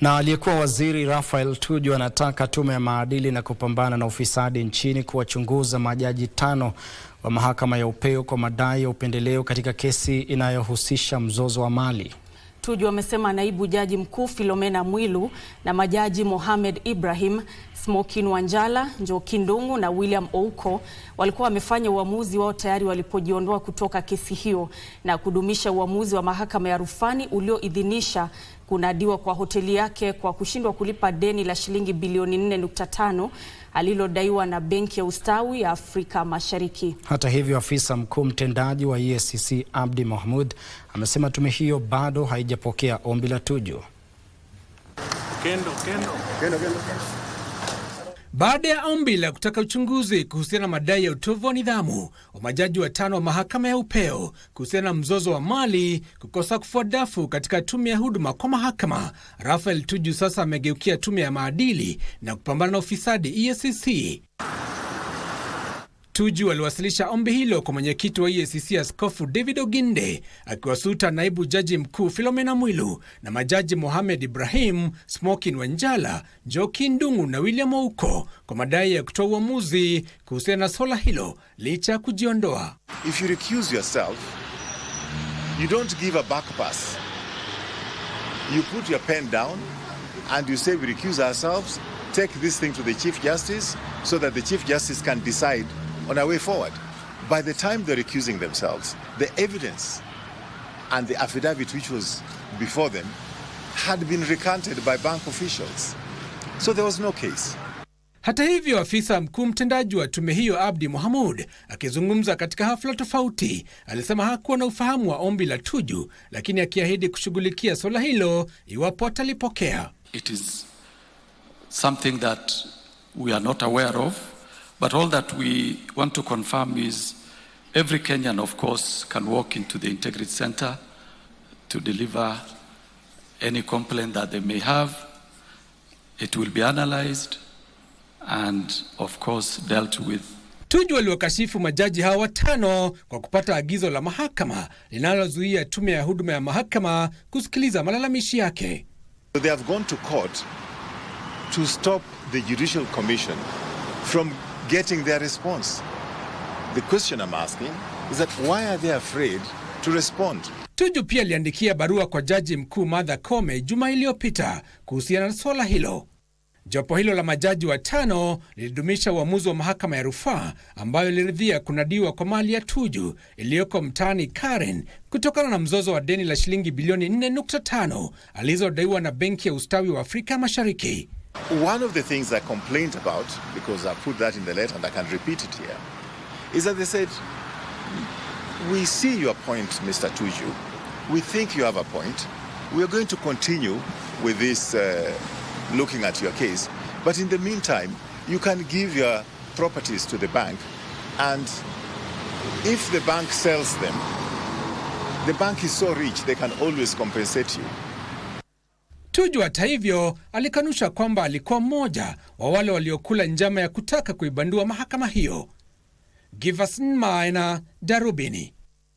Na aliyekuwa waziri rafael Tuju anataka tume ya maadili na kupambana na ufisadi nchini kuwachunguza majaji tano wa mahakama ya upeo kwa madai ya upendeleo katika kesi inayohusisha mzozo wa Mali. Tuju amesema naibu jaji mkuu filomena Mwilu na majaji Mohamed Ibrahim Smokin Wanjala, Njoki Ndung'u na William Ouko walikuwa wamefanya uamuzi wao tayari walipojiondoa kutoka kesi hiyo na kudumisha uamuzi wa mahakama ya rufani ulioidhinisha kunadiwa kwa hoteli yake kwa kushindwa kulipa deni la shilingi bilioni 4.5 alilodaiwa na Benki ya Ustawi ya Afrika Mashariki. Hata hivyo, afisa mkuu mtendaji wa EACC Abdi mahmud amesema tume hiyo bado haijapokea ombi la Tuju. Kendo, kendo. Kendo, kendo. Baada ya ombi la kutaka uchunguzi kuhusiana na madai ya utovu wa nidhamu wa majaji watano wa mahakama ya upeo kuhusiana na mzozo wa mali kukosa kufua dafu katika tume ya huduma kwa mahakama, rafael Tuju sasa amegeukia tume ya maadili na kupambana na ufisadi EACC. Tuju waliwasilisha ombi hilo kwa mwenyekiti wa EACC Askofu David Oginde, akiwasuta naibu jaji mkuu filomena Mwilu na majaji Mohamed Ibrahim, Smokin Wanjala, Njoki Ndung'u na William Ouko kwa madai ya kutoa uamuzi kuhusiana na swala hilo licha ya kujiondoa. If you recuse yourself, you don't give a back pass. You put your pen down and you say we recuse ourselves, take this thing to the Chief Justice so that the Chief Justice can decide on our way forward. By the time they're accusing themselves, the evidence and the affidavit which was before them had been recanted by bank officials. So there was no case. Hata hivyo, afisa mkuu mtendaji wa tume hiyo Abdi Mohamud akizungumza katika hafla tofauti alisema hakuwa na ufahamu wa ombi la Tuju, lakini akiahidi kushughulikia suala hilo iwapo atalipokea. It is something that we are not aware of. But all that we want to confirm is every Kenyan, of course, can walk into the Integrity Center to deliver any complaint that they may have. It will be analyzed and of course dealt with. Tunju waliokashifu majaji hao watano kwa kupata agizo la mahakama linalozuia tume ya huduma ya mahakama kusikiliza malalamishi yake. So they have gone to court to stop the Judicial Commission from getting their response. The question I'm asking is that why are they afraid to respond? Tuju pia aliandikia barua kwa jaji mkuu Martha Koome juma iliyopita kuhusiana na swala hilo. Jopo hilo la majaji watano lilidumisha uamuzi wa mahakama ya rufaa ambayo iliridhia kunadiwa kwa mali ya Tuju iliyoko mtaani Karen kutokana na mzozo wa deni la shilingi bilioni 4.5 alizodaiwa na Benki ya Ustawi wa Afrika Mashariki. One of the things I complained about, because I put that in the letter and I can repeat it here, is that they said, We see your point, Mr. Tuju. We think you have a point. We are going to continue with this uh, looking at your case. But in the meantime, you can give your properties to the bank, and if the bank sells them, the bank is so rich they can always compensate you. Tuju hata hivyo alikanusha kwamba alikuwa mmoja wa wale waliokula njama ya kutaka kuibandua mahakama hiyo. Giverson Maina, Darubini.